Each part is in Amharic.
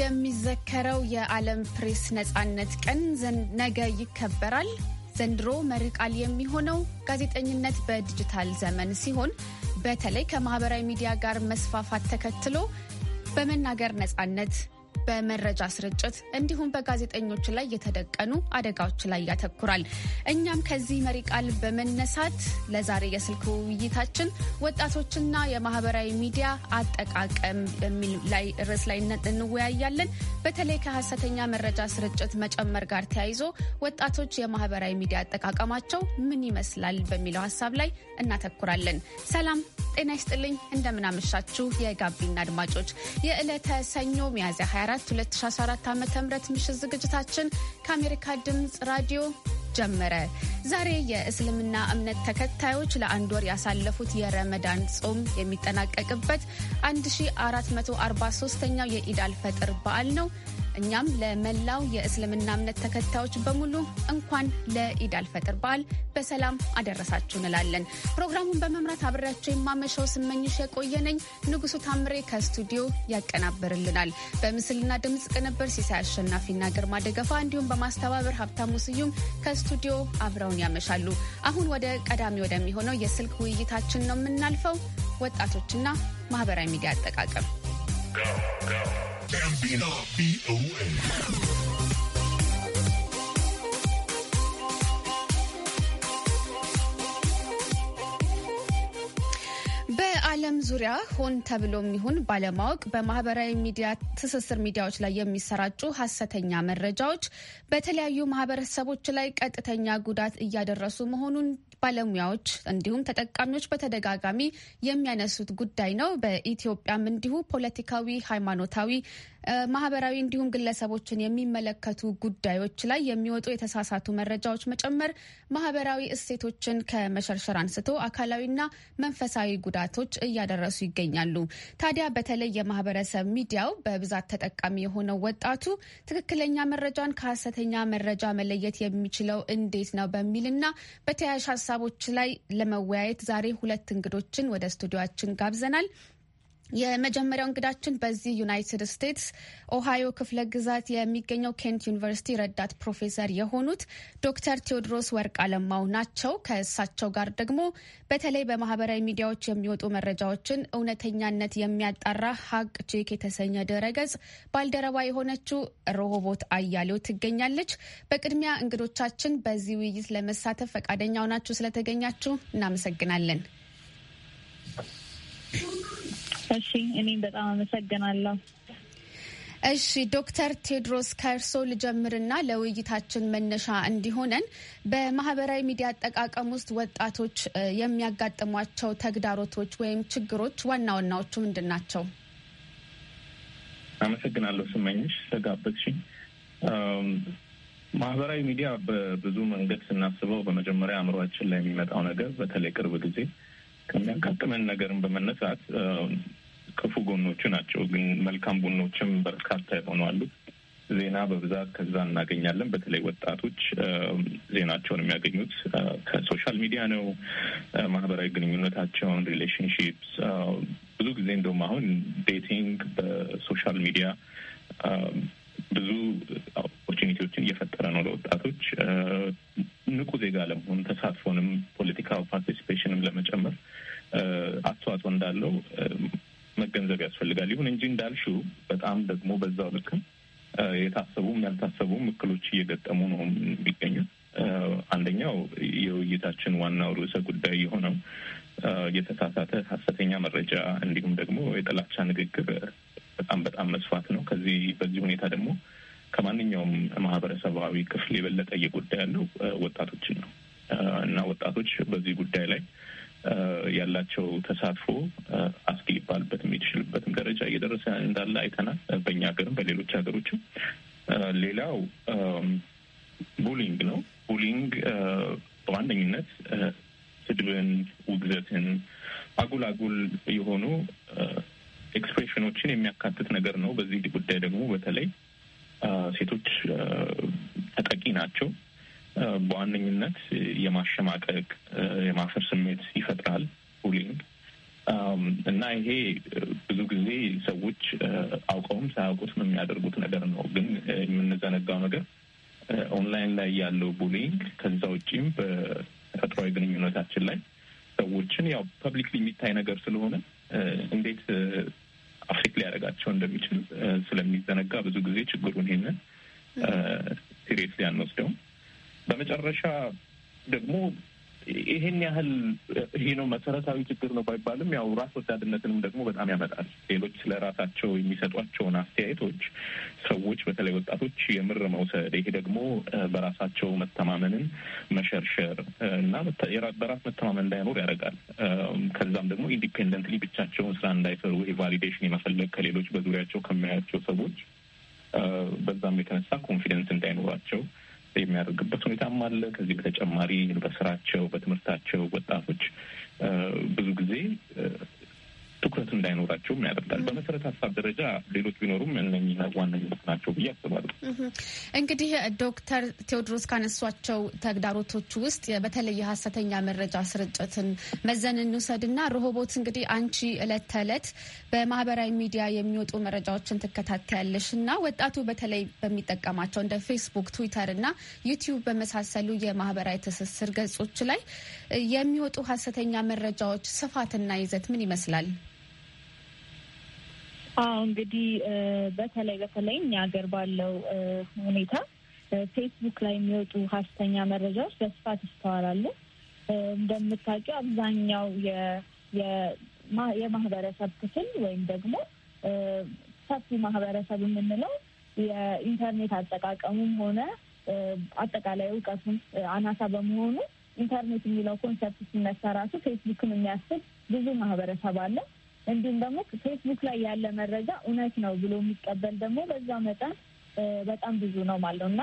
የሚዘከረው የዓለም ፕሬስ ነጻነት ቀን ነገ ይከበራል። ዘንድሮ መሪ ቃል የሚሆነው ጋዜጠኝነት በዲጂታል ዘመን ሲሆን በተለይ ከማህበራዊ ሚዲያ ጋር መስፋፋት ተከትሎ በመናገር ነጻነት በመረጃ ስርጭት እንዲሁም በጋዜጠኞች ላይ የተደቀኑ አደጋዎች ላይ ያተኩራል። እኛም ከዚህ መሪ ቃል በመነሳት ለዛሬ የስልክ ውይይታችን ወጣቶችና የማህበራዊ ሚዲያ አጠቃቀም በሚል ላይ ርዕስ ላይ እንወያያለን። በተለይ ከሀሰተኛ መረጃ ስርጭት መጨመር ጋር ተያይዞ ወጣቶች የማህበራዊ ሚዲያ አጠቃቀማቸው ምን ይመስላል በሚለው ሀሳብ ላይ እናተኩራለን። ሰላም ጤና ይስጥልኝ እንደምናመሻችሁ የጋቢና አድማጮች የዕለተ ሰኞ ሚያዝያ 24 2014 ዓ ም ምሽት ዝግጅታችን ከአሜሪካ ድምፅ ራዲዮ ጀመረ። ዛሬ የእስልምና እምነት ተከታዮች ለአንድ ወር ያሳለፉት የረመዳን ጾም የሚጠናቀቅበት 1443ኛው የኢድ አልፈጥር በዓል ነው። እኛም ለመላው የእስልምና እምነት ተከታዮች በሙሉ እንኳን ለኢድ አልፈጥር በዓል በሰላም አደረሳችሁ እንላለን። ፕሮግራሙን በመምራት አብሬያቸው የማመሻው ስመኝሽ የቆየነኝ ንጉሱ ታምሬ ከስቱዲዮ ያቀናብርልናል። በምስልና ድምፅ ቅንብር ሲሳይ አሸናፊና ግርማ ደገፋ እንዲሁም በማስተባበር ሀብታሙ ስዩም ከስቱዲዮ አብረውን ያመሻሉ። አሁን ወደ ቀዳሚ ወደሚሆነው የስልክ ውይይታችን ነው የምናልፈው። ወጣቶችና ማህበራዊ ሚዲያ አጠቃቀም ጋቢና ቪኦኤ በዓለም ዙሪያ ሆን ተብሎም ይሁን ባለማወቅ በማህበራዊ ሚዲያ ትስስር ሚዲያዎች ላይ የሚሰራጩ ሀሰተኛ መረጃዎች በተለያዩ ማህበረሰቦች ላይ ቀጥተኛ ጉዳት እያደረሱ መሆኑን ባለሙያዎች እንዲሁም ተጠቃሚዎች በተደጋጋሚ የሚያነሱት ጉዳይ ነው። በኢትዮጵያም እንዲሁ ፖለቲካዊ፣ ሃይማኖታዊ፣ ማህበራዊ እንዲሁም ግለሰቦችን የሚመለከቱ ጉዳዮች ላይ የሚወጡ የተሳሳቱ መረጃዎች መጨመር ማህበራዊ እሴቶችን ከመሸርሸር አንስቶ አካላዊና መንፈሳዊ ጉዳቶች እያደረሱ ይገኛሉ። ታዲያ በተለይ የማህበረሰብ ሚዲያው በብዛት ተጠቃሚ የሆነው ወጣቱ ትክክለኛ መረጃን ከሀሰተኛ መረጃ መለየት የሚችለው እንዴት ነው በሚልና በተያያዥ ሀሳብ ሀሳቦች ላይ ለመወያየት ዛሬ ሁለት እንግዶችን ወደ ስቱዲዮችን ጋብዘናል። የመጀመሪያው እንግዳችን በዚህ ዩናይትድ ስቴትስ ኦሃዮ ክፍለ ግዛት የሚገኘው ኬንት ዩኒቨርሲቲ ረዳት ፕሮፌሰር የሆኑት ዶክተር ቴዎድሮስ ወርቅ አለማው ናቸው። ከእሳቸው ጋር ደግሞ በተለይ በማህበራዊ ሚዲያዎች የሚወጡ መረጃዎችን እውነተኛነት የሚያጣራ ሀቅ ቼክ የተሰኘ ድረገጽ ባልደረባ የሆነችው ሮሆቦት አያሌው ትገኛለች። በቅድሚያ እንግዶቻችን በዚህ ውይይት ለመሳተፍ ፈቃደኛ ሆናችሁ ስለተገኛችሁ እናመሰግናለን። እሺ እኔም በጣም አመሰግናለሁ። እሺ ዶክተር ቴድሮስ ከእርሶ ልጀምርና ለውይይታችን መነሻ እንዲሆነን በማህበራዊ ሚዲያ አጠቃቀም ውስጥ ወጣቶች የሚያጋጥሟቸው ተግዳሮቶች ወይም ችግሮች ዋና ዋናዎቹ ምንድን ናቸው? አመሰግናለሁ ስመኝሽ ስለጋበዝሽኝ። ማህበራዊ ሚዲያ በብዙ መንገድ ስናስበው በመጀመሪያ አእምሯችን ላይ የሚመጣው ነገር በተለይ ቅርብ ጊዜ ከሚያጋጥመን ነገርን በመነሳት ክፉ ጎኖቹ ናቸው፣ ግን መልካም ጎኖችም በርካታ የሆኑ አሉ። ዜና በብዛት ከዛ እናገኛለን። በተለይ ወጣቶች ዜናቸውን የሚያገኙት ከሶሻል ሚዲያ ነው። ማህበራዊ ግንኙነታቸውን፣ ሪሌሽንሺፕስ ብዙ ጊዜ እንደውም አሁን ዴቲንግ በሶሻል ሚዲያ ብዙ ኦፖርቹኒቲዎችን እየፈጠረ ነው ለወጣቶች ንቁ ዜጋ ለመሆን ተሳትፎንም ፖለቲካዊ ፓርቲሲፔሽንም ለመጨመር አስተዋጽኦ እንዳለው መገንዘብ ያስፈልጋል። ይሁን እንጂ እንዳልሹ በጣም ደግሞ በዛው ልክም የታሰቡም ያልታሰቡም እክሎች እየገጠሙ ነው የሚገኙት። አንደኛው የውይይታችን ዋናው ርዕሰ ጉዳይ የሆነው የተሳሳተ ሀሰተኛ መረጃ እንዲሁም ደግሞ የጥላቻ ንግግር በጣም በጣም መስፋት ነው። ከዚህ በዚህ ሁኔታ ደግሞ ከማንኛውም ማህበረሰባዊ ክፍል የበለጠ እየጎዳ ያለው ወጣቶችን ነው እና ወጣቶች በዚህ ጉዳይ ላይ ያላቸው ተሳትፎ አስጊ ሊባልበት የሚችልበትም ደረጃ እየደረሰ እንዳለ አይተናል። በእኛ ሀገርም በሌሎች ሀገሮችም። ሌላው ቡሊንግ ነው። ቡሊንግ በዋነኝነት ስድብን፣ ውግዘትን፣ አጉል አጉል የሆኑ ኤክስፕሬሽኖችን የሚያካትት ነገር ነው። በዚህ ጉዳይ ደግሞ በተለይ ሴቶች ተጠቂ ናቸው። በዋነኝነት የማሸማቀቅ የማፈር ስሜት ይፈጥራል ቡሊንግ እና ይሄ ብዙ ጊዜ ሰዎች አውቀውም ሳያውቁትም የሚያደርጉት ነገር ነው። ግን የምንዘነጋው ነገር ኦንላይን ላይ ያለው ቡሊንግ ከዛ ውጪም በተፈጥሯዊ ግንኙነታችን ላይ ሰዎችን ያው ፐብሊክሊ የሚታይ ነገር ስለሆነ እንዴት ሊያመጣባቸው እንደሚችል ስለሚዘነጋ ብዙ ጊዜ ችግሩን ይሄንን ሲሪየስሊ ሊያንወስደውም በመጨረሻ ደግሞ ይሄን ያህል ይሄ ነው መሰረታዊ ችግር ነው ባይባልም ያው ራስ ወዳድነትንም ደግሞ በጣም ያመጣል። ሌሎች ለራሳቸው የሚሰጧቸውን አስተያየቶች ሰዎች በተለይ ወጣቶች የምር መውሰድ፣ ይሄ ደግሞ በራሳቸው መተማመንን መሸርሸር እና በራስ መተማመን እንዳይኖር ያደርጋል። ከዛም ደግሞ ኢንዲፔንደንትሊ ብቻቸውን ስራ እንዳይሰሩ ይሄ ቫሊዴሽን የመፈለግ ከሌሎች በዙሪያቸው ከሚያያቸው ሰዎች በዛም የተነሳ ኮንፊደንስ እንዳይኖራቸው የሚያደርግበት ሁኔታም አለ። ከዚህ በተጨማሪ በስራቸው በትምህርታቸው ወጣቶች ብዙ ጊዜ ትኩረት እንዳይኖራቸውም ያደርጋል። በመሰረተ ሀሳብ ደረጃ ሌሎች ቢኖሩም እነኚህ ዋነኞች ናቸው ብዬ አስባለሁ። እንግዲህ ዶክተር ቴዎድሮስ ካነሷቸው ተግዳሮቶች ውስጥ በተለይ ሀሰተኛ መረጃ ስርጭትን መዘን እንውሰድና ሮሆቦት እንግዲህ አንቺ እለት ተእለት በማህበራዊ ሚዲያ የሚወጡ መረጃዎችን ትከታተያለሽ እና ወጣቱ በተለይ በሚጠቀማቸው እንደ ፌስቡክ፣ ትዊተር እና ዩቲዩብ በመሳሰሉ የማህበራዊ ትስስር ገጾች ላይ የሚወጡ ሀሰተኛ መረጃዎች ስፋትና ይዘት ምን ይመስላል? አዎ እንግዲህ በተለይ በተለይ እኛ ሀገር ባለው ሁኔታ ፌስቡክ ላይ የሚወጡ ሀሰተኛ መረጃዎች በስፋት ይስተዋላሉ። እንደምታውቂው አብዛኛው የማህበረሰብ ክፍል ወይም ደግሞ ሰፊ ማህበረሰብ የምንለው የኢንተርኔት አጠቃቀሙም ሆነ አጠቃላይ እውቀቱም አናሳ በመሆኑ ኢንተርኔት የሚለው ኮንሰፕት ሲነሳ ራሱ ፌስቡክን የሚያስብ ብዙ ማህበረሰብ አለ። እንዲሁም ደግሞ ፌስቡክ ላይ ያለ መረጃ እውነት ነው ብሎ የሚቀበል ደግሞ በዛ መጠን በጣም ብዙ ነው ማለት ነው እና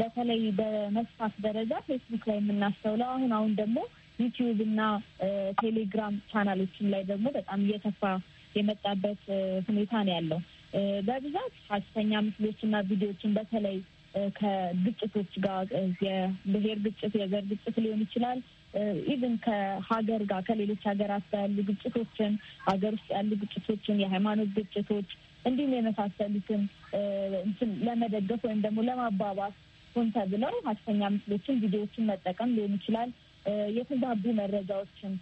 በተለይ በመስፋት ደረጃ ፌስቡክ ላይ የምናስተውለው አሁን አሁን ደግሞ ዩቲዩብ እና ቴሌግራም ቻናሎችም ላይ ደግሞ በጣም እየተፋ የመጣበት ሁኔታ ነው ያለው። በብዛት ሀሰተኛ ምስሎች እና ቪዲዮዎችን በተለይ ከግጭቶች ጋር የብሔር ግጭት፣ የዘር ግጭት ሊሆን ይችላል ኢቭን ከሀገር ጋር ከሌሎች ሀገራት ጋር ያሉ ግጭቶችን፣ ሀገር ውስጥ ያሉ ግጭቶችን፣ የሃይማኖት ግጭቶች እንዲሁም የመሳሰሉትን ለመደገፍ ወይም ደግሞ ለማባባስ ሆን ተብለው ሀሰተኛ ምስሎችን፣ ቪዲዮዎችን መጠቀም ሊሆን ይችላል። የተዛቡ መረጃዎችን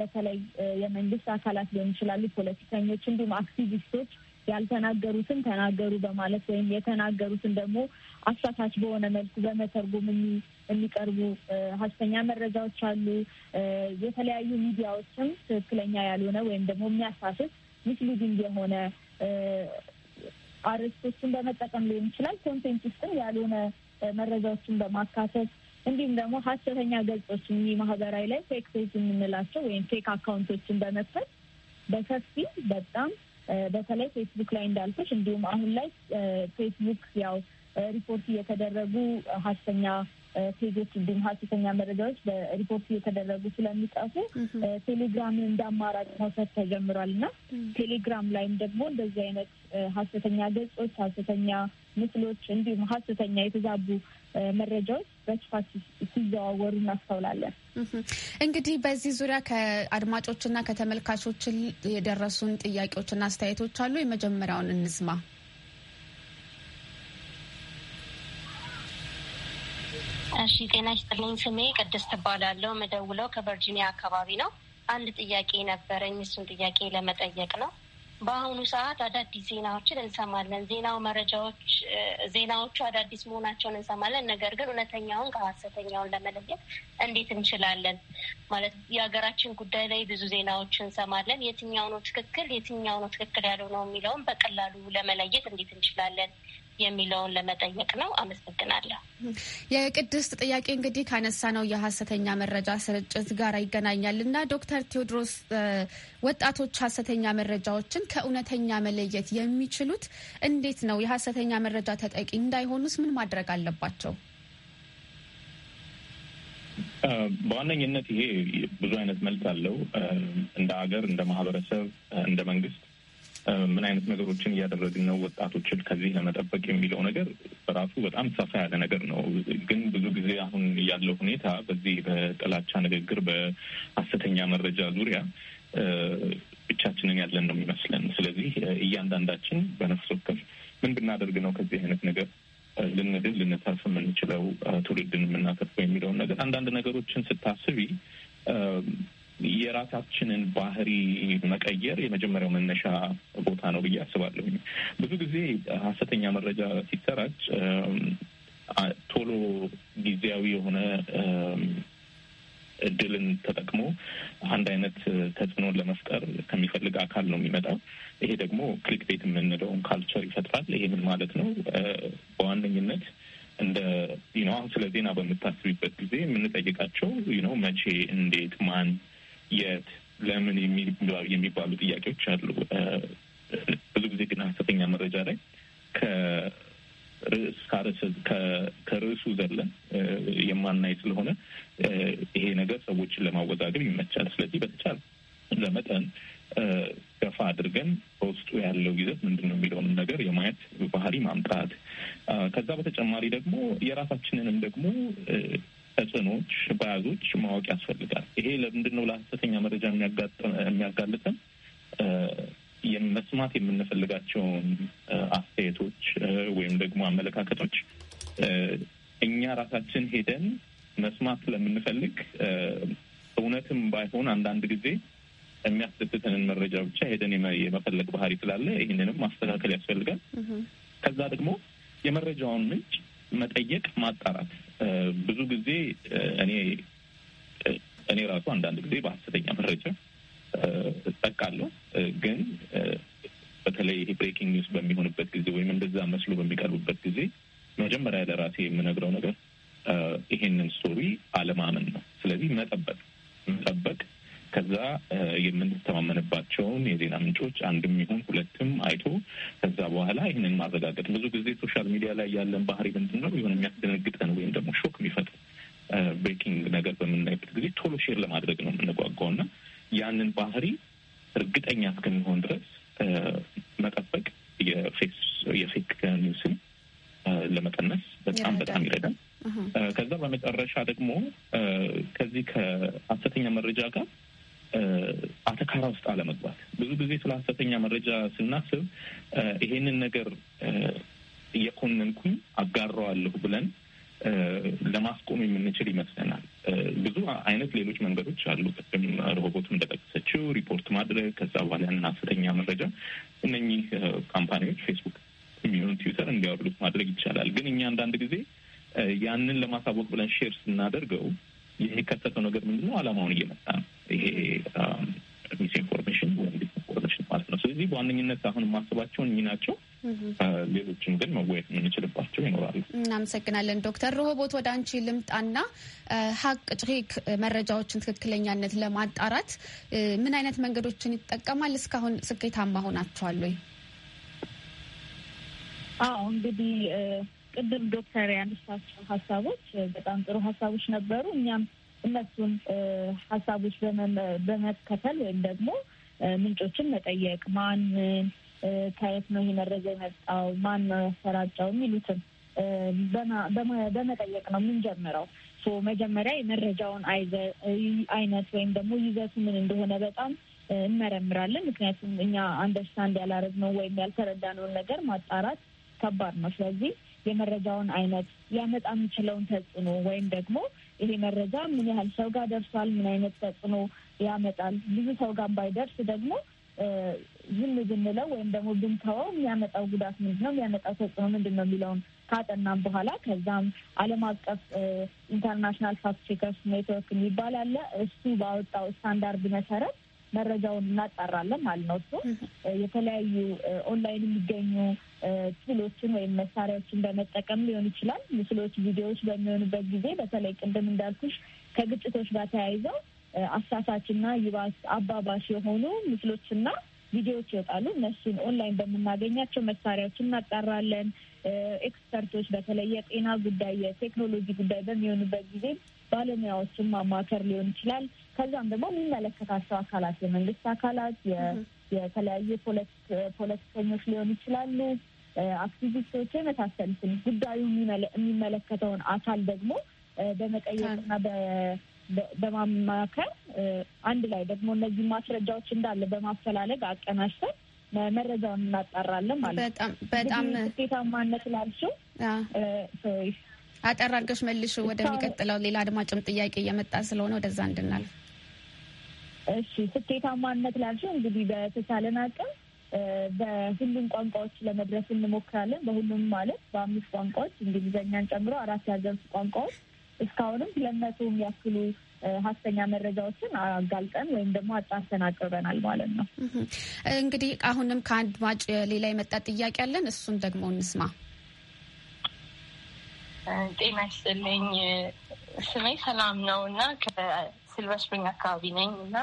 በተለይ የመንግስት አካላት ሊሆን ይችላሉ፣ ፖለቲከኞች፣ እንዲሁም አክቲቪስቶች ያልተናገሩትን ተናገሩ በማለት ወይም የተናገሩትን ደግሞ አሳታች በሆነ መልኩ በመተርጎም የሚቀርቡ ሀሰተኛ መረጃዎች አሉ። የተለያዩ ሚዲያዎችም ትክክለኛ ያልሆነ ወይም ደግሞ የሚያሳስት ሚስሊዲንግ የሆነ አርዕስቶችን በመጠቀም ሊሆን ይችላል። ኮንቴንት ውስጥም ያልሆነ መረጃዎችን በማካተት እንዲሁም ደግሞ ሀሰተኛ ገጾች እኚህ ማህበራዊ ላይ ፌክ ፔጅ የምንላቸው ወይም ፌክ አካውንቶችን በመክፈት በሰፊ በጣም በተለይ ፌስቡክ ላይ እንዳልኩሽ እንዲሁም አሁን ላይ ፌስቡክ ያው ሪፖርት እየተደረጉ ሀሰተኛ ፔጆች እንዲሁም ሀሰተኛ መረጃዎች በሪፖርት እየተደረጉ ስለሚጠፉ ቴሌግራምን እንደ አማራጭ መውሰድ ተጀምሯል እና ቴሌግራም ላይም ደግሞ እንደዚህ አይነት ሀሰተኛ ገጾች፣ ሀሰተኛ ምስሎች እንዲሁም ሀሰተኛ የተዛቡ መረጃዎች በስፋት ሲዘዋወሩ እናስተውላለን። እንግዲህ በዚህ ዙሪያ ከአድማጮችና ከተመልካቾች የደረሱን ጥያቄዎችና አስተያየቶች አሉ። የመጀመሪያውን እንስማ። እሺ ጤና ይስጥልኝ። ስሜ ቅድስት ትባላለሁ። መደውለው ከቨርጂኒያ አካባቢ ነው። አንድ ጥያቄ ነበረኝ። እሱን ጥያቄ ለመጠየቅ ነው። በአሁኑ ሰዓት አዳዲስ ዜናዎችን እንሰማለን። ዜናው መረጃዎች ዜናዎቹ አዳዲስ መሆናቸውን እንሰማለን። ነገር ግን እውነተኛውን ከሀሰተኛውን ለመለየት እንዴት እንችላለን? ማለት የሀገራችን ጉዳይ ላይ ብዙ ዜናዎች እንሰማለን። የትኛው ነው ትክክል፣ የትኛው ነው ትክክል የሚለውን በቀላሉ ለመለየት እንዴት እንችላለን? የሚለውን ለመጠየቅ ነው። አመሰግናለሁ። የቅድስት ጥያቄ እንግዲህ ካነሳ ነው የሀሰተኛ መረጃ ስርጭት ጋር ይገናኛል እና ዶክተር ቴዎድሮስ ወጣቶች ሀሰተኛ መረጃዎችን ከእውነተኛ መለየት የሚችሉት እንዴት ነው? የሀሰተኛ መረጃ ተጠቂ እንዳይሆኑስ ምን ማድረግ አለባቸው? በዋነኝነት ይሄ ብዙ አይነት መልስ አለው። እንደ ሀገር፣ እንደ ማህበረሰብ፣ እንደ መንግስት ምን አይነት ነገሮችን እያደረግን ነው ወጣቶችን ከዚህ ለመጠበቅ የሚለው ነገር በራሱ በጣም ሰፋ ያለ ነገር ነው። ግን ብዙ ጊዜ አሁን ያለው ሁኔታ በዚህ በጥላቻ ንግግር፣ በሀሰተኛ መረጃ ዙሪያ ብቻችንን ያለን ነው የሚመስለን። ስለዚህ እያንዳንዳችን በነፍስ ወከፍ ምን ብናደርግ ነው ከዚህ አይነት ነገር ልንድን ልንተርፍ የምንችለው ትውልድን የምናተርፈው የሚለውን ነገር አንዳንድ ነገሮችን ስታስቢ የራሳችንን ባህሪ መቀየር የመጀመሪያው መነሻ ቦታ ነው ብዬ አስባለሁ። ብዙ ጊዜ ሀሰተኛ መረጃ ሲሰራጭ ቶሎ ጊዜያዊ የሆነ እድልን ተጠቅሞ አንድ አይነት ተጽዕኖን ለመፍጠር ከሚፈልግ አካል ነው የሚመጣው። ይሄ ደግሞ ክሊክ ቤት የምንለውን ካልቸር ይፈጥራል። ይሄ ምን ማለት ነው? በዋነኝነት እንደ ነው አሁን ስለ ዜና በምታስቢበት ጊዜ የምንጠይቃቸው ነው መቼ፣ እንዴት፣ ማን የት፣ ለምን የሚባሉ ጥያቄዎች አሉ። ብዙ ጊዜ ግን ሀሰተኛ መረጃ ላይ ከርዕሱ ዘለን የማናይ ስለሆነ ይሄ ነገር ሰዎችን ለማወዛገብ ይመቻል። ስለዚህ በተቻለ ለመጠን ገፋ አድርገን በውስጡ ያለው ይዘት ምንድን ነው የሚለውን ነገር የማየት ባህሪ ማምጣት ከዛ በተጨማሪ ደግሞ የራሳችንንም ደግሞ ተጽዕኖዎች፣ በያዞች ማወቅ ያስፈልጋል። ይሄ ለምንድን ነው ለሀሰተኛ መረጃ የሚያጋልጠን? መስማት የምንፈልጋቸውን አስተያየቶች ወይም ደግሞ አመለካከቶች እኛ ራሳችን ሄደን መስማት ስለምንፈልግ እውነትም ባይሆን አንዳንድ ጊዜ የሚያስደስተንን መረጃ ብቻ ሄደን የመፈለግ ባህሪ ስላለ ይህንንም ማስተካከል ያስፈልጋል። ከዛ ደግሞ የመረጃውን ምንጭ መጠየቅ፣ ማጣራት ብዙ ጊዜ እኔ እኔ ራሱ አንዳንድ ጊዜ በሀሰተኛ መረጃ እጠቃለሁ። ግን በተለይ ይሄ ብሬኪንግ ኒውስ በሚሆንበት ጊዜ ወይም እንደዛ መስሎ በሚቀርቡበት ጊዜ መጀመሪያ ለራሴ የምነግረው ነገር ይሄንን ስቶሪ አለማመን ነው። ስለዚህ መጠበቅ መጠበቅ ከዛ የምንተማመንባቸውን የዜና ምንጮች አንድም ይሁን ሁለትም አይቶ ከዛ በኋላ ይህንን ማረጋገጥ። ብዙ ጊዜ ሶሻል ሚዲያ ላይ ያለን ባህሪ ምንድን ነው? የሆነ የሚያስደነግጠን ወይም ደግሞ ሾክ የሚፈጥር ብሬኪንግ ነገር በምናይበት ጊዜ ቶሎ ሼር ለማድረግ ነው የምንጓጓው እና ያንን ባህሪ እርግጠኛ እስከሚሆን ድረስ መጠበቅ የፌክ ኒውስን ለመቀነስ በጣም በጣም ይረዳል። ከዛ በመጨረሻ ደግሞ ከዚህ ከሀሰተኛ መረጃ ጋር አተካራ ውስጥ አለመግባት። ብዙ ጊዜ ስለ ሀሰተኛ መረጃ ስናስብ ይሄንን ነገር እየኮነንኩኝ አጋራዋለሁ ብለን ለማስቆም የምንችል ይመስለናል። ብዙ አይነት ሌሎች መንገዶች አሉ። ቅድም ሮቦትም እንደጠቀሰችው ሪፖርት ማድረግ፣ ከዛ በኋላ ያንን ሀሰተኛ መረጃ እነኚህ ካምፓኒዎች ፌስቡክ የሚሆን ትዊተር እንዲያወርዱት ማድረግ ይቻላል። ግን እኛ አንዳንድ ጊዜ ያንን ለማሳወቅ ብለን ሼር ስናደርገው ይህ ነገር ምንድነው? አላማውን እየመጣ ነው። ይሄ ሚስኢንፎርሜሽን um, ወይም ዲስ ማለት ነው። ስለዚህ በዋነኝነት አሁን የማስባቸውን እኚህ ናቸው። ሌሎችም ግን መወየት የምንችልባቸው ይኖራሉ። እናመሰግናለን ዶክተር ረሆቦት ወደ አንቺ ልምጣና ሀቅ ጭሪክ መረጃዎችን ትክክለኛነት ለማጣራት ምን አይነት መንገዶችን ይጠቀማል? እስካሁን ስኬታማ ሆናችኋል ወይ? አዎ እንግዲህ ቅድም ዶክተር ያነሳቸው ሀሳቦች በጣም ጥሩ ሀሳቦች ነበሩ። እኛም እነሱን ሀሳቦች በመከተል ወይም ደግሞ ምንጮችን መጠየቅ ማን ከየት ነው ይሄ መረጃ የመጣው ማን ነው ያሰራጨው የሚሉትን በመጠየቅ ነው የምንጀምረው። መጀመሪያ የመረጃውን አይነት ወይም ደግሞ ይዘቱ ምን እንደሆነ በጣም እንመረምራለን። ምክንያቱም እኛ አንደርስታንድ ያላረግነው ወይም ያልተረዳነውን ነገር ማጣራት ከባድ ነው። ስለዚህ የመረጃውን አይነት ሊያመጣ የሚችለውን ተጽዕኖ ወይም ደግሞ ይሄ መረጃ ምን ያህል ሰው ጋር ደርሷል፣ ምን አይነት ተጽዕኖ ያመጣል። ብዙ ሰው ጋር ባይደርስ ደግሞ ዝም ብንለው ወይም ደግሞ ብንተወው የሚያመጣው ጉዳት ምንድን ነው፣ የሚያመጣው ተጽዕኖ ምንድን ነው የሚለውን ካጠናም በኋላ ከዛም ዓለም አቀፍ ኢንተርናሽናል ፋክት ቼከርስ ኔትወርክ የሚባል አለ። እሱ ባወጣው ስታንዳርድ መሰረት መረጃውን እናጣራለን ማለት ነው። እሱ የተለያዩ ኦንላይን የሚገኙ ትሎችን ወይም መሳሪያዎችን በመጠቀም ሊሆን ይችላል። ምስሎች፣ ቪዲዮዎች በሚሆኑበት ጊዜ በተለይ ቅድም እንዳልኩሽ ከግጭቶች ጋር ተያይዘው አሳሳችና ይባስ አባባሽ የሆኑ ምስሎችና ቪዲዮዎች ይወጣሉ። እነሱን ኦንላይን በምናገኛቸው መሳሪያዎች እናጣራለን። ኤክስፐርቶች በተለይ የጤና ጉዳይ የቴክኖሎጂ ጉዳይ በሚሆኑበት ጊዜ ባለሙያዎችን ማማከር ሊሆን ይችላል። ከዛም ደግሞ የሚመለከታቸው አካላት የመንግስት አካላት፣ የተለያዩ ፖለቲከኞች ሊሆን ይችላሉ፣ አክቲቪስቶች የመሳሰሉትን ጉዳዩ የሚመለከተውን አካል ደግሞ በመጠየቅና በማማከር አንድ ላይ ደግሞ እነዚህ ማስረጃዎች እንዳለ በማፈላለግ አቀናጅተን መረጃውን እናጣራለን ማለት ነው። በጣም በጣም ስኬታማነት ላልሽው አጠር መልሽ። ወደሚቀጥለው ሌላ አድማጭም ጥያቄ እየመጣ ስለሆነ ወደዛ እንድናል። እሺ፣ ስኬታማነት ላልሽው እንግዲህ በተቻለን አቅም በሁሉም ቋንቋዎች ለመድረስ እንሞክራለን። በሁሉም ማለት በአምስት ቋንቋዎች እንግሊዘኛን ጨምሮ አራት የሀገር ቋንቋዎች እስካሁንም ሁለት መቶ የሚያክሉ ሀሰተኛ መረጃዎችን አጋልጠን ወይም ደግሞ አጣርተን አቅርበናል ማለት ነው። እንግዲህ አሁንም ከአድማጭ ሌላ የመጣ ጥያቄ አለን። እሱን ደግሞ እንስማ። ጤና ይስጥልኝ። ስሜ ሰላም ነው እና ከሲልቨር ስፕሪንግ አካባቢ ነኝ እና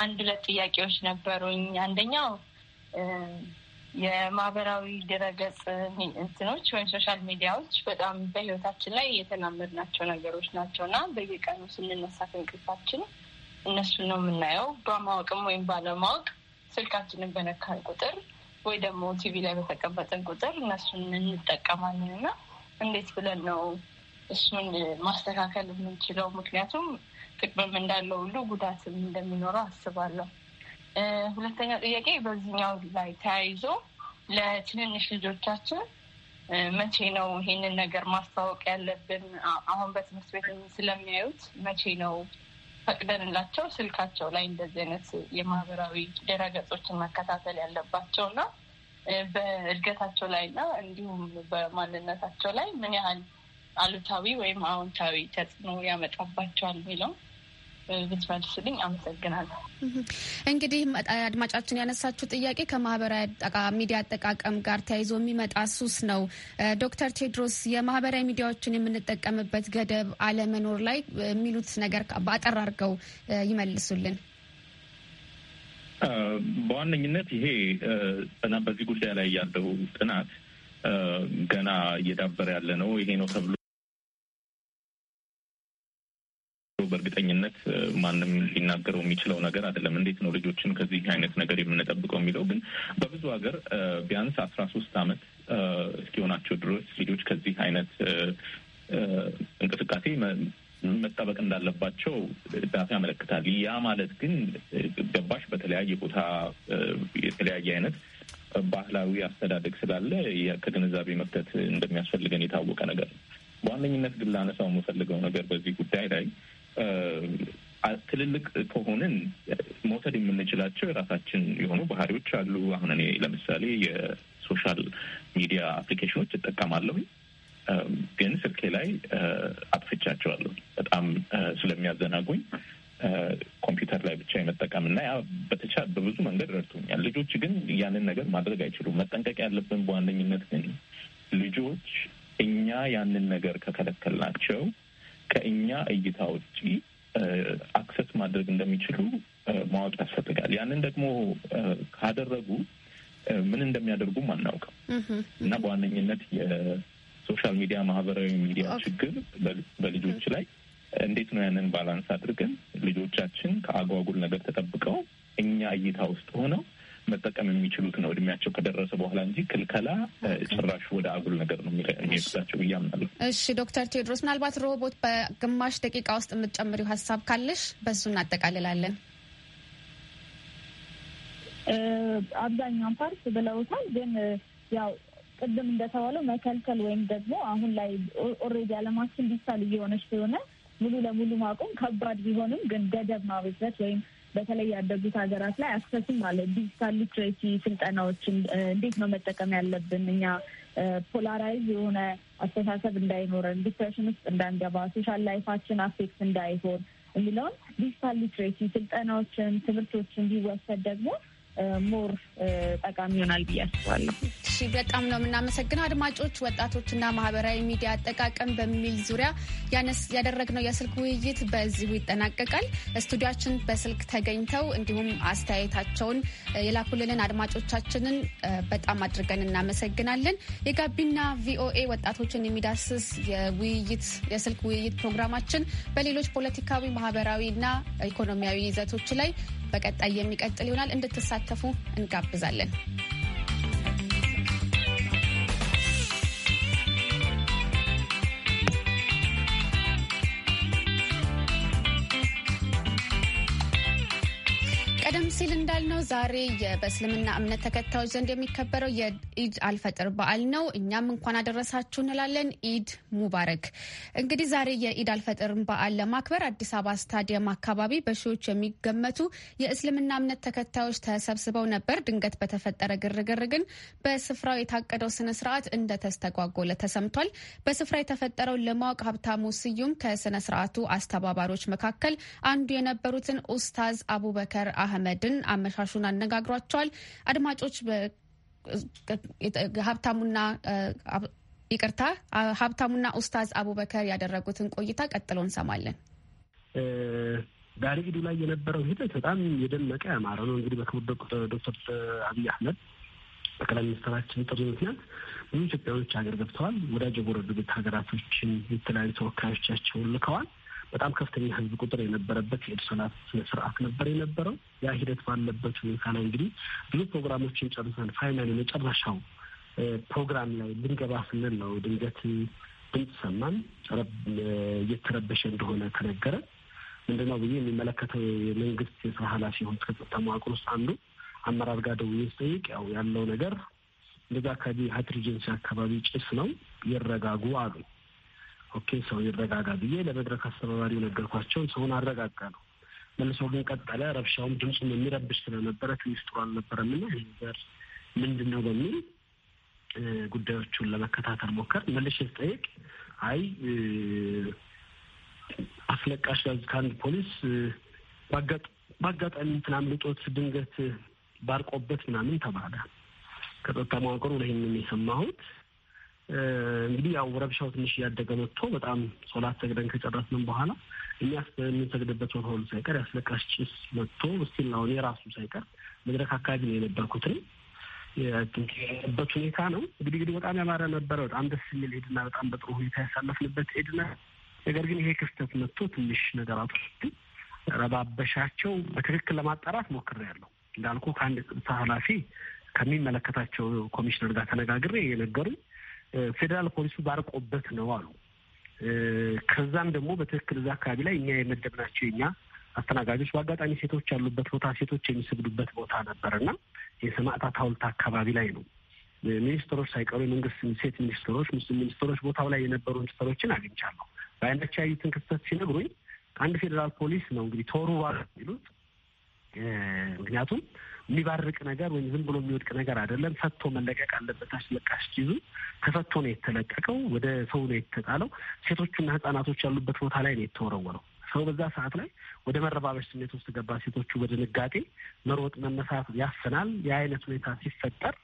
አንድ ሁለት ጥያቄዎች ነበሩኝ። አንደኛው የማህበራዊ ድረገጽ እንትኖች ወይም ሶሻል ሚዲያዎች በጣም በህይወታችን ላይ የተላመድናቸው ነገሮች ናቸው እና በየቀኑ ስንነሳ ከእንቅልፋችን እነሱን ነው የምናየው። በማወቅም ወይም ባለማወቅ ስልካችንን በነካን ቁጥር ወይ ደግሞ ቲቪ ላይ በተቀመጠን ቁጥር እነሱን እንጠቀማለን እና እንዴት ብለን ነው እሱን ማስተካከል የምንችለው? ምክንያቱም ጥቅምም እንዳለው ሁሉ ጉዳትም እንደሚኖረው አስባለሁ። ሁለተኛው ጥያቄ በዚህኛው ላይ ተያይዞ ለትንንሽ ልጆቻችን መቼ ነው ይሄንን ነገር ማስታወቅ ያለብን? አሁን በትምህርት ቤት ስለሚያዩት መቼ ነው ፈቅደንላቸው ስልካቸው ላይ እንደዚህ አይነት የማህበራዊ ድረገጾችን መከታተል ያለባቸው እና በእድገታቸው ላይ እና እንዲሁም በማንነታቸው ላይ ምን ያህል አሉታዊ ወይም አዎንታዊ ተጽዕኖ ያመጣባቸዋል የሚለው ብትመልስልኝ አመሰግናለሁ። እንግዲህ አድማጫችን ያነሳችው ጥያቄ ከማህበራዊ ሚዲያ አጠቃቀም ጋር ተያይዞ የሚመጣ ሱስ ነው። ዶክተር ቴድሮስ የማህበራዊ ሚዲያዎችን የምንጠቀምበት ገደብ አለመኖር ላይ የሚሉት ነገር በአጠር አድርገው ይመልሱልን። በዋነኝነት ይሄ ጥናት በዚህ ጉዳይ ላይ ያለው ጥናት ገና እየዳበረ ያለ ነው። ይሄ ነው ተብሎ በእርግጠኝነት ማንም ሊናገረው የሚችለው ነገር አይደለም። እንዴት ነው ልጆችን ከዚህ አይነት ነገር የምንጠብቀው የሚለው ግን በብዙ ሀገር ቢያንስ አስራ ሶስት አመት እስኪሆናቸው ድረስ ልጆች ከዚህ አይነት እንቅስቃሴ መጠበቅ እንዳለባቸው ዳታ ያመለክታል። ያ ማለት ግን ገባሽ በተለያየ ቦታ የተለያየ አይነት ባህላዊ አስተዳደግ ስላለ ከግንዛቤ መክተት እንደሚያስፈልገን የታወቀ ነገር ነው። በዋነኝነት ግን ላነሳው የምፈልገው ነገር በዚህ ጉዳይ ላይ ትልልቅ ከሆንን መውሰድ የምንችላቸው የራሳችን የሆኑ ባህሪዎች አሉ። አሁን እኔ ለምሳሌ የሶሻል ሚዲያ አፕሊኬሽኖች እጠቀማለሁ። ግን ስልኬ ላይ አጥፍቻቸዋለሁ። በጣም ስለሚያዘናጉኝ ኮምፒውተር ላይ ብቻ የመጠቀም እና ያ በተቻ በብዙ መንገድ ረድቶኛል። ልጆች ግን ያንን ነገር ማድረግ አይችሉም። መጠንቀቅ ያለብን በዋነኝነት ግን ልጆች እኛ ያንን ነገር ከከለከልናቸው ከእኛ እይታ ውጪ አክሰስ ማድረግ እንደሚችሉ ማወቅ ያስፈልጋል። ያንን ደግሞ ካደረጉ ምን እንደሚያደርጉም አናውቅም እና በዋነኝነት ሶሻል ሚዲያ ማህበራዊ ሚዲያ ችግር በልጆች ላይ እንዴት ነው ያንን ባላንስ አድርገን ልጆቻችን ከአጓጉል ነገር ተጠብቀው እኛ እይታ ውስጥ ሆነው መጠቀም የሚችሉት ነው እድሜያቸው ከደረሰ በኋላ እንጂ ክልከላ ጭራሽ ወደ አጉል ነገር ነው የሚወስዳቸው ብዬ አምናለሁ። እሺ ዶክተር ቴዎድሮስ ምናልባት ሮቦት በግማሽ ደቂቃ ውስጥ የምትጨምሪው ሀሳብ ካለሽ በሱ እናጠቃልላለን። አብዛኛውን ፓርት ብለውታል ግን ያው ቅድም እንደተባለው መከልከል ወይም ደግሞ አሁን ላይ ኦሬዲ አለማችን ዲጂታል እየሆነች ስለሆነ ሙሉ ለሙሉ ማቆም ከባድ ቢሆንም ግን ገደብ ማበጀት ወይም በተለይ ያደጉት ሀገራት ላይ አክሰስም አለ ዲጂታል ሊትሬሲ ስልጠናዎችን እንዴት ነው መጠቀም ያለብን እኛ ፖላራይዝ የሆነ አስተሳሰብ እንዳይኖረን፣ ዲፕሬሽን ውስጥ እንዳንገባ፣ ሶሻል ላይፋችን አፌክት እንዳይሆን የሚለውን ዲጂታል ሊትሬሲ ስልጠናዎችን፣ ትምህርቶችን ቢወሰድ ደግሞ ሞር ጠቃሚ ይሆናል ብዬ አስባለሁ። እሺ፣ በጣም ነው የምናመሰግነው። አድማጮች፣ ወጣቶችና ማህበራዊ ሚዲያ አጠቃቀም በሚል ዙሪያ ያደረግነው የስልክ ውይይት በዚሁ ይጠናቀቃል። ስቱዲያችን በስልክ ተገኝተው እንዲሁም አስተያየታቸውን የላኩልንን አድማጮቻችንን በጣም አድርገን እናመሰግናለን። የጋቢና ቪኦኤ ወጣቶችን የሚዳስስ የውይይት የስልክ ውይይት ፕሮግራማችን በሌሎች ፖለቲካዊ፣ ማህበራዊ እና ኢኮኖሚያዊ ይዘቶች ላይ በቀጣይ የሚቀጥል ይሆናል። እንድትሳተፉ እንጋብዛለን። ሲል እንዳልነው ዛሬ በእስልምና እምነት ተከታዮች ዘንድ የሚከበረው የኢድ አልፈጥር በዓል ነው። እኛም እንኳን አደረሳችሁ እንላለን። ኢድ ሙባረክ። እንግዲህ ዛሬ የኢድ አልፈጥር በዓል ለማክበር አዲስ አበባ ስታዲየም አካባቢ በሺዎች የሚገመቱ የእስልምና እምነት ተከታዮች ተሰብስበው ነበር። ድንገት በተፈጠረ ግርግር ግን በስፍራው የታቀደው ስነ ስርዓት እንደተስተጓጎለ ተሰምቷል። በስፍራ የተፈጠረውን ለማወቅ ሀብታሙ ስዩም ከስነ ስርዓቱ አስተባባሪዎች መካከል አንዱ የነበሩትን ኡስታዝ አቡበከር አህመድን ቡድን አመሻሹን አነጋግሯቸዋል። አድማጮች ሀብታሙና ይቅርታ ሀብታሙና ኡስታዝ አቡበከር ያደረጉትን ቆይታ ቀጥሎ እንሰማለን። ዳሬ ላይ የነበረው ሂደት በጣም የደመቀ ያማረ ነው። እንግዲህ በክቡር ዶክተር አብይ አህመድ ጠቅላይ ሚኒስትራችን ጥሩ ምክንያት ብዙ ኢትዮጵያዎች ሀገር ገብተዋል። ወዳጅ የጎረቤት ሀገራቶችን የተለያዩ ተወካዮቻቸውን ልከዋል። በጣም ከፍተኛ ህዝብ ቁጥር የነበረበት የኢድ ስነ ስነስርዓት ነበር የነበረው። ያ ሂደት ባለበት ሁኔታ ላይ እንግዲህ ብዙ ፕሮግራሞችን ጨርሰን ፋይናል የመጨረሻው ፕሮግራም ላይ ልንገባ ስንል ነው ድንገት ድምፅ ሰማን። እየተረበሸ እንደሆነ ተነገረ። ምንድነው ብዬ የሚመለከተው የመንግስት የስራ ኃላፊ የሆኑት ከጸጥታ መዋቅር ውስጥ አንዱ አመራር ጋር ደውዬ ስጠይቅ ያው ያለው ነገር እንደዛ አካባቢ ሀትሪጀንሲ አካባቢ ጭስ ነው ይረጋጉ አሉ። ኦኬ ሰው ይረጋጋ ብዬ ለመድረክ አስተባባሪ ነገርኳቸው። ሰውን አረጋጋ ነው። መልሶ ግን ቀጠለ። ረብሻውም ድምፁም የሚረብሽ ስለነበረ ትንሽ ጥሩ አልነበረም እና ይህ ነገር ምንድን ነው በሚል ጉዳዮቹን ለመከታተል ሞከር። መልሽ ስጠይቅ አይ አስለቃሽ ጋዝ ከአንድ ፖሊስ ባጋጣሚ እንትን አምልጦት ድንገት ባርቆበት ምናምን ተባለ። ከጸጥታ መዋቅሩ ይህንን የሰማሁት እንግዲህ ያው ረብሻው ትንሽ እያደገ መጥቶ በጣም ሶላት ሰግደን ከጨረስንም በኋላ እኛ የምንሰግድበት ቦታ ሁሉ ሳይቀር ያስለቃሽ ጭስ መጥቶ ስቲል ነው የራሱ ሳይቀር መድረክ አካባቢ ነው የነበርኩትን የበት ሁኔታ ነው እንግዲህ እንግዲህ በጣም ያማረ ነበረ። በጣም ደስ የሚል ሄድና በጣም በጥሩ ሁኔታ ያሳለፍንበት ሄድና ነገር ግን ይሄ ክስተት መጥቶ ትንሽ ነገር ነገራቶች ረባበሻቸው በትክክል ለማጣራት ሞክሬያለሁ። እንዳልኩ ከአንድ ጸጥታ ኃላፊ ከሚመለከታቸው ኮሚሽነር ጋር ተነጋግሬ የነገሩኝ ፌዴራል ፖሊሱ ባርቆበት ነው አሉ። ከዛም ደግሞ በትክክል እዛ አካባቢ ላይ እኛ የመደብናቸው የኛ አስተናጋጆች በአጋጣሚ ሴቶች ያሉበት ቦታ ሴቶች የሚሰግዱበት ቦታ ነበር እና የሰማዕታት ሐውልት አካባቢ ላይ ነው ሚኒስትሮች ሳይቀሩ የመንግስት ሴት ሚኒስትሮች፣ ሙስሊም ሚኒስትሮች ቦታው ላይ የነበሩ ሚኒስትሮችን አግኝቻለሁ። በአይናቸው ያዩትን ክስተት ሲነግሩኝ አንድ ፌዴራል ፖሊስ ነው እንግዲህ ተወርዋል የሚሉት ምክንያቱም የሚባርቅ ነገር ወይም ዝም ብሎ የሚወድቅ ነገር አይደለም። ፈቶ መለቀቅ አለበት። አስለቃሽ ጊዙ ተፈቶ ነው የተለቀቀው፣ ወደ ሰው ነው የተጣለው። ሴቶቹና ህጻናቶች ያሉበት ቦታ ላይ ነው የተወረወረው። ሰው በዛ ሰዓት ላይ ወደ መረባበሽ ስሜት ውስጥ ገባ። ሴቶቹ በድንጋጤ መሮጥ፣ መነሳት ያፍናል። የአይነት ሁኔታ ሲፈጠር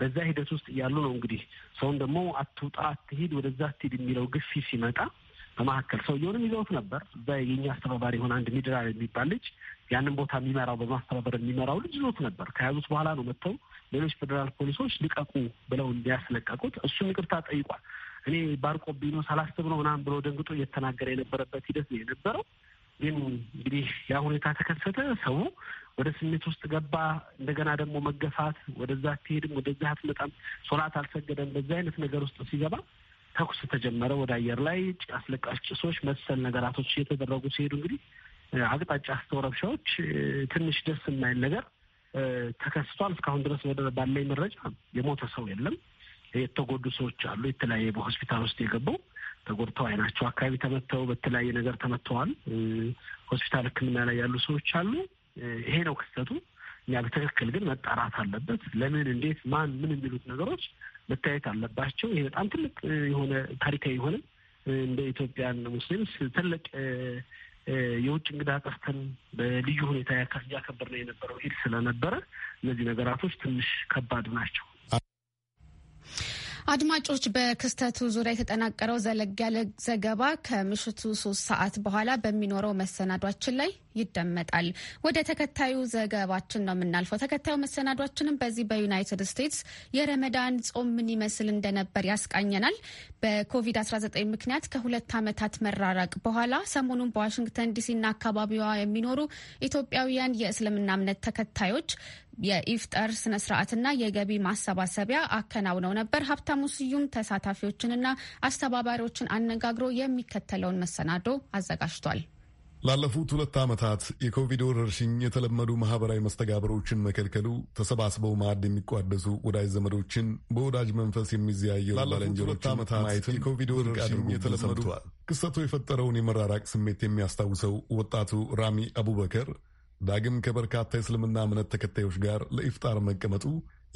በዛ ሂደት ውስጥ እያሉ ነው እንግዲህ ሰውን ደግሞ አትውጣ፣ አትሂድ፣ ወደዛ አትሂድ የሚለው ግፊ ሲመጣ በመካከል ሰውየውንም ይዘውት ነበር። በየኛ አስተባባሪ የሆነ አንድ ሚድራል የሚባል ልጅ ያንን ቦታ የሚመራው በማስተባበር የሚመራው ልጅ ይዞት ነበር። ከያዙት በኋላ ነው መጥተው ሌሎች ፌዴራል ፖሊሶች ልቀቁ ብለው እንዲያስለቀቁት እሱም ይቅርታ ጠይቋል። እኔ ባርቆብኝ ነው ሳላስብ ነው ምናምን ብሎ ደንግጦ እየተናገረ የነበረበት ሂደት ነው የነበረው። ግን እንግዲህ ያ ሁኔታ ተከሰተ። ሰው ወደ ስሜት ውስጥ ገባ። እንደገና ደግሞ መገፋት፣ ወደዛ አትሄድም፣ ወደዛ አትመጣም፣ ሶላት አልሰገደም፣ በዛ አይነት ነገር ውስጥ ሲገባ ተኩስ ተጀመረ። ወደ አየር ላይ አስለቃሽ ጭሶች መሰል ነገራቶች እየተደረጉ ሲሄዱ እንግዲህ አቅጣጫ ስተው ትንሽ ደስ የማይል ነገር ተከስቷል። እስካሁን ድረስ ወደ ባለኝ መረጃ የሞተ ሰው የለም። የተጎዱ ሰዎች አሉ። የተለያየ በሆስፒታል ውስጥ የገቡ ተጎድተው አይናቸው አካባቢ ተመተው በተለያየ ነገር ተመተዋል። ሆስፒታል ሕክምና ላይ ያሉ ሰዎች አሉ። ይሄ ነው ክስተቱ። እኛ በትክክል ግን መጣራት አለበት። ለምን፣ እንዴት፣ ማን፣ ምን የሚሉት ነገሮች መታየት አለባቸው። ይሄ በጣም ትልቅ የሆነ ታሪካዊ የሆነ እንደ ኢትዮጵያን ሙስሊምስ ትልቅ የውጭ እንግዳ ጠፍተን በልዩ ሁኔታ እያከበርነው የነበረው ኢድ ስለነበረ እነዚህ ነገራቶች ትንሽ ከባድ ናቸው። አድማጮች በክስተቱ ዙሪያ የተጠናቀረው ዘለግ ያለ ዘገባ ከምሽቱ ሶስት ሰዓት በኋላ በሚኖረው መሰናዷችን ላይ ይደመጣል። ወደ ተከታዩ ዘገባችን ነው የምናልፈው። ተከታዩ መሰናዷችንም በዚህ በዩናይትድ ስቴትስ የረመዳን ጾም ምን ይመስል እንደነበር ያስቃኘናል። በኮቪድ-19 ምክንያት ከሁለት ዓመታት መራራቅ በኋላ ሰሞኑን በዋሽንግተን ዲሲና አካባቢዋ የሚኖሩ ኢትዮጵያውያን የእስልምና እምነት ተከታዮች የኢፍጠር ስነ ስርዓትና የገቢ ማሰባሰቢያ አከናውነው ነበር። ሀብታሙ ስዩም ተሳታፊዎችንና አስተባባሪዎችን አነጋግሮ የሚከተለውን መሰናዶ አዘጋጅቷል። ላለፉት ሁለት ዓመታት የኮቪድ ወረርሽኝ የተለመዱ ማህበራዊ መስተጋብሮችን መከልከሉ ተሰባስበው ማዕድ የሚቋደሱ ወዳጅ ዘመዶችን በወዳጅ መንፈስ የሚዘያየው ባለንጀሮችን ማየትን የኮቪድ ወረርሽኝ የተለመዱ ክስተቱ የፈጠረውን የመራራቅ ስሜት የሚያስታውሰው ወጣቱ ራሚ አቡበከር ዳግም ከበርካታ የእስልምና እምነት ተከታዮች ጋር ለኢፍጣር መቀመጡ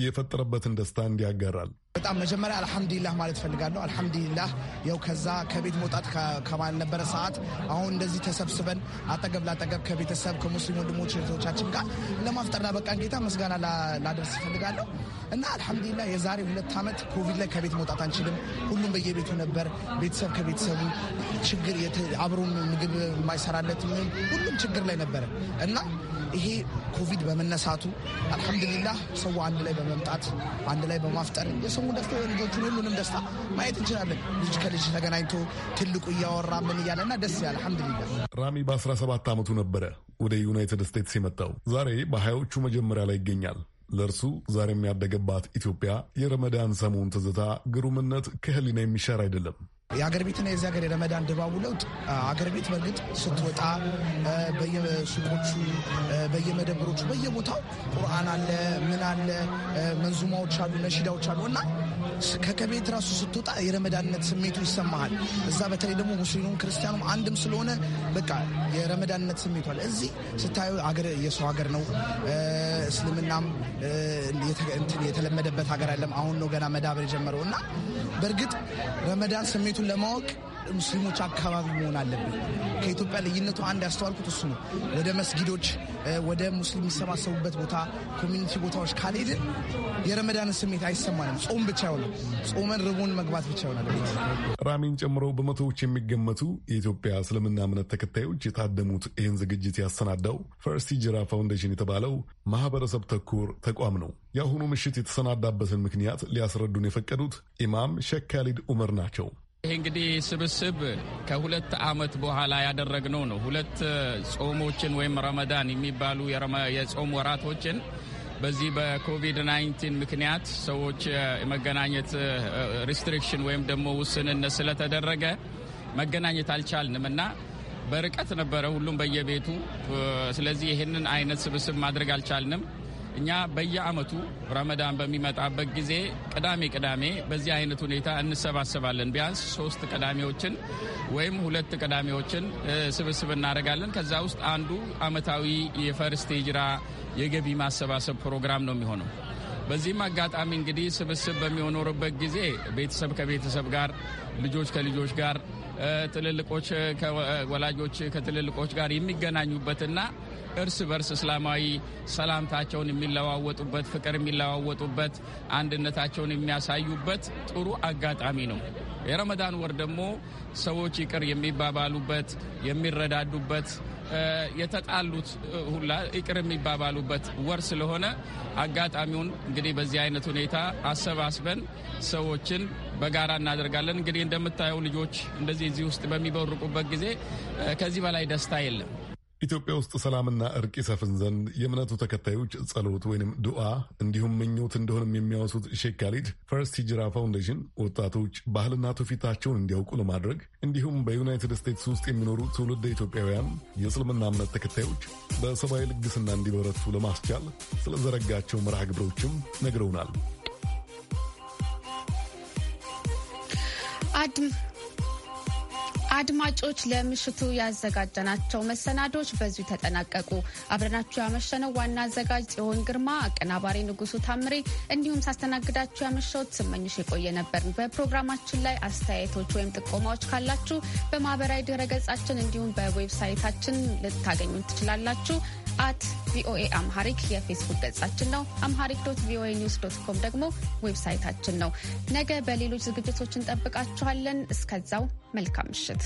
የፈጠረበትን ደስታ እንዲያጋራል። በጣም መጀመሪያ አልሐምዱሊላህ ማለት ፈልጋለሁ። አልሐምዱሊላህ ያው ከዛ ከቤት መውጣት ከማልነበረ ሰዓት አሁን እንደዚህ ተሰብስበን አጠገብ ላጠገብ ከቤተሰብ ከሙስሊም ወንድሞች እህቶቻችን ጋር ለማፍጠርና በቃን ጌታ ምስጋና ላደርስ ፈልጋለሁ እና አልሐምዱሊላህ የዛሬ ሁለት ዓመት ኮቪድ ላይ ከቤት መውጣት አንችልም። ሁሉም በየቤቱ ነበር። ቤተሰብ ከቤተሰቡ ችግር አብሮ ምግብ የማይሰራለት ሁሉም ችግር ላይ ነበረ እና ይሄ ኮቪድ በመነሳቱ አልሐምዱሊላህ ሰው አንድ ላይ በመምጣት አንድ ላይ በማፍጠር የሰው ደስታ የልጆቹን ሁሉንም ደስታ ማየት እንችላለን። ልጅ ከልጅ ተገናኝቶ ትልቁ እያወራ ምን እያለና ደስ ያለ አልሐምዱሊላህ። ራሚ በ17 ዓመቱ ነበረ ወደ ዩናይትድ ስቴትስ የመጣው። ዛሬ በሀያዎቹ መጀመሪያ ላይ ይገኛል። ለእርሱ ዛሬ የሚያደገባት ኢትዮጵያ የረመዳን ሰሞን ትዝታ ግሩምነት ከህሊና የሚሻር አይደለም። የአገር ቤትና የዚህ ሀገር የረመዳን ድባቡ ለውጥ አገር ቤት በእርግጥ ስትወጣ በየሱቆቹ፣ በየመደብሮቹ፣ በየቦታው ቁርአን አለ፣ ምን አለ፣ መንዙማዎች አሉ፣ ነሺዳዎች አሉ እና ከከቤት ራሱ ስትወጣ የረመዳንነት ስሜቱ ይሰማሃል። እዛ በተለይ ደግሞ ሙስሊሙም ክርስቲያኑም አንድም ስለሆነ በቃ የረመዳንነት ስሜቱ አለ። እዚህ ስታዩ አገር የሰው ሀገር ነው። እስልምናም የተለመደበት ሀገር አለም። አሁን ነው ገና መዳበር የጀመረው እና በእርግጥ ረመዳን ስሜቱን ለማወቅ ሙስሊሞች አካባቢ መሆን አለብን። ከኢትዮጵያ ልዩነቱ አንድ ያስተዋልኩት እሱ ነው። ወደ መስጊዶች፣ ወደ ሙስሊም የሚሰባሰቡበት ቦታ፣ ኮሚኒቲ ቦታዎች ካልሄድን የረመዳንን ስሜት አይሰማንም። ጾም ብቻ ይሆናል። ጾመን ርቦን መግባት ብቻ ይሆናል። ራሚን ጨምሮ በመቶዎች የሚገመቱ የኢትዮጵያ እስልምና እምነት ተከታዮች የታደሙት ይህን ዝግጅት ያሰናዳው ፈርስቲ ጅራ ፋውንዴሽን የተባለው ማህበረሰብ ተኮር ተቋም ነው። የአሁኑ ምሽት የተሰናዳበትን ምክንያት ሊያስረዱን የፈቀዱት ኢማም ሼክ ካሊድ ዑመር ናቸው። ይሄ እንግዲህ ስብስብ ከሁለት ዓመት በኋላ ያደረግነው ነው። ሁለት ጾሞችን ወይም ረመዳን የሚባሉ የጾም ወራቶችን በዚህ በኮቪድ-19 ምክንያት ሰዎች የመገናኘት ሪስትሪክሽን ወይም ደግሞ ውስንነት ስለተደረገ መገናኘት አልቻልንም እና በርቀት ነበረ ሁሉም በየቤቱ። ስለዚህ ይህንን አይነት ስብስብ ማድረግ አልቻልንም። እኛ በየአመቱ ረመዳን በሚመጣበት ጊዜ ቅዳሜ ቅዳሜ በዚህ አይነት ሁኔታ እንሰባሰባለን። ቢያንስ ሶስት ቅዳሜዎችን ወይም ሁለት ቅዳሜዎችን ስብስብ እናደርጋለን። ከዛ ውስጥ አንዱ አመታዊ የፈርስት ሂጅራ የገቢ ማሰባሰብ ፕሮግራም ነው የሚሆነው። በዚህም አጋጣሚ እንግዲህ ስብስብ በሚኖርበት ጊዜ ቤተሰብ ከቤተሰብ ጋር፣ ልጆች ከልጆች ጋር፣ ትልልቆች ከወላጆች ከትልልቆች ጋር የሚገናኙበትና እርስ በርስ እስላማዊ ሰላምታቸውን የሚለዋወጡበት፣ ፍቅር የሚለዋወጡበት፣ አንድነታቸውን የሚያሳዩበት ጥሩ አጋጣሚ ነው። የረመዳን ወር ደግሞ ሰዎች ይቅር የሚባባሉበት፣ የሚረዳዱበት የተጣሉት ሁላ ይቅር የሚባባሉበት ወር ስለሆነ አጋጣሚውን እንግዲህ በዚህ አይነት ሁኔታ አሰባስበን ሰዎችን በጋራ እናደርጋለን። እንግዲህ እንደምታየው ልጆች እንደዚህ እዚህ ውስጥ በሚበርቁበት ጊዜ ከዚህ በላይ ደስታ የለም። ኢትዮጵያ ውስጥ ሰላምና እርቅ ይሰፍን ዘንድ የእምነቱ ተከታዮች ጸሎት ወይም ዱዓ እንዲሁም ምኞት እንደሆነም የሚያወሱት ሼክ ካሊድ ፈርስት ሂጅራ ፋውንዴሽን ወጣቶች ባህልና ትውፊታቸውን እንዲያውቁ ለማድረግ እንዲሁም በዩናይትድ ስቴትስ ውስጥ የሚኖሩ ትውልደ ኢትዮጵያውያን የእስልምና እምነት ተከታዮች በሰብአዊ ልግስና እንዲበረቱ ለማስቻል ስለዘረጋቸው መርሃ ግብሮችም ነግረውናል። አድማጮች ለምሽቱ ያዘጋጀናቸው መሰናዶች በዚሁ ተጠናቀቁ። አብረናችሁ ያመሸነው ዋና አዘጋጅ ጽዮን ግርማ፣ አቀናባሪ ንጉሱ ታምሬ እንዲሁም ሳስተናግዳችሁ ያመሸሁት ስመኝሽ የቆየ ነበር። በፕሮግራማችን ላይ አስተያየቶች ወይም ጥቆማዎች ካላችሁ በማህበራዊ ድረገጻችን እንዲሁም በዌብሳይታችን ልታገኙ ትችላላችሁ። አት ቪኦኤ አምሃሪክ የፌስቡክ ገጻችን ነው። አምሃሪክ ዶት ቪኦኤ ኒውስ ዶት ኮም ደግሞ ዌብሳይታችን ነው። ነገ በሌሎች ዝግጅቶች እንጠብቃችኋለን። እስከዛው መልካም ምሽት።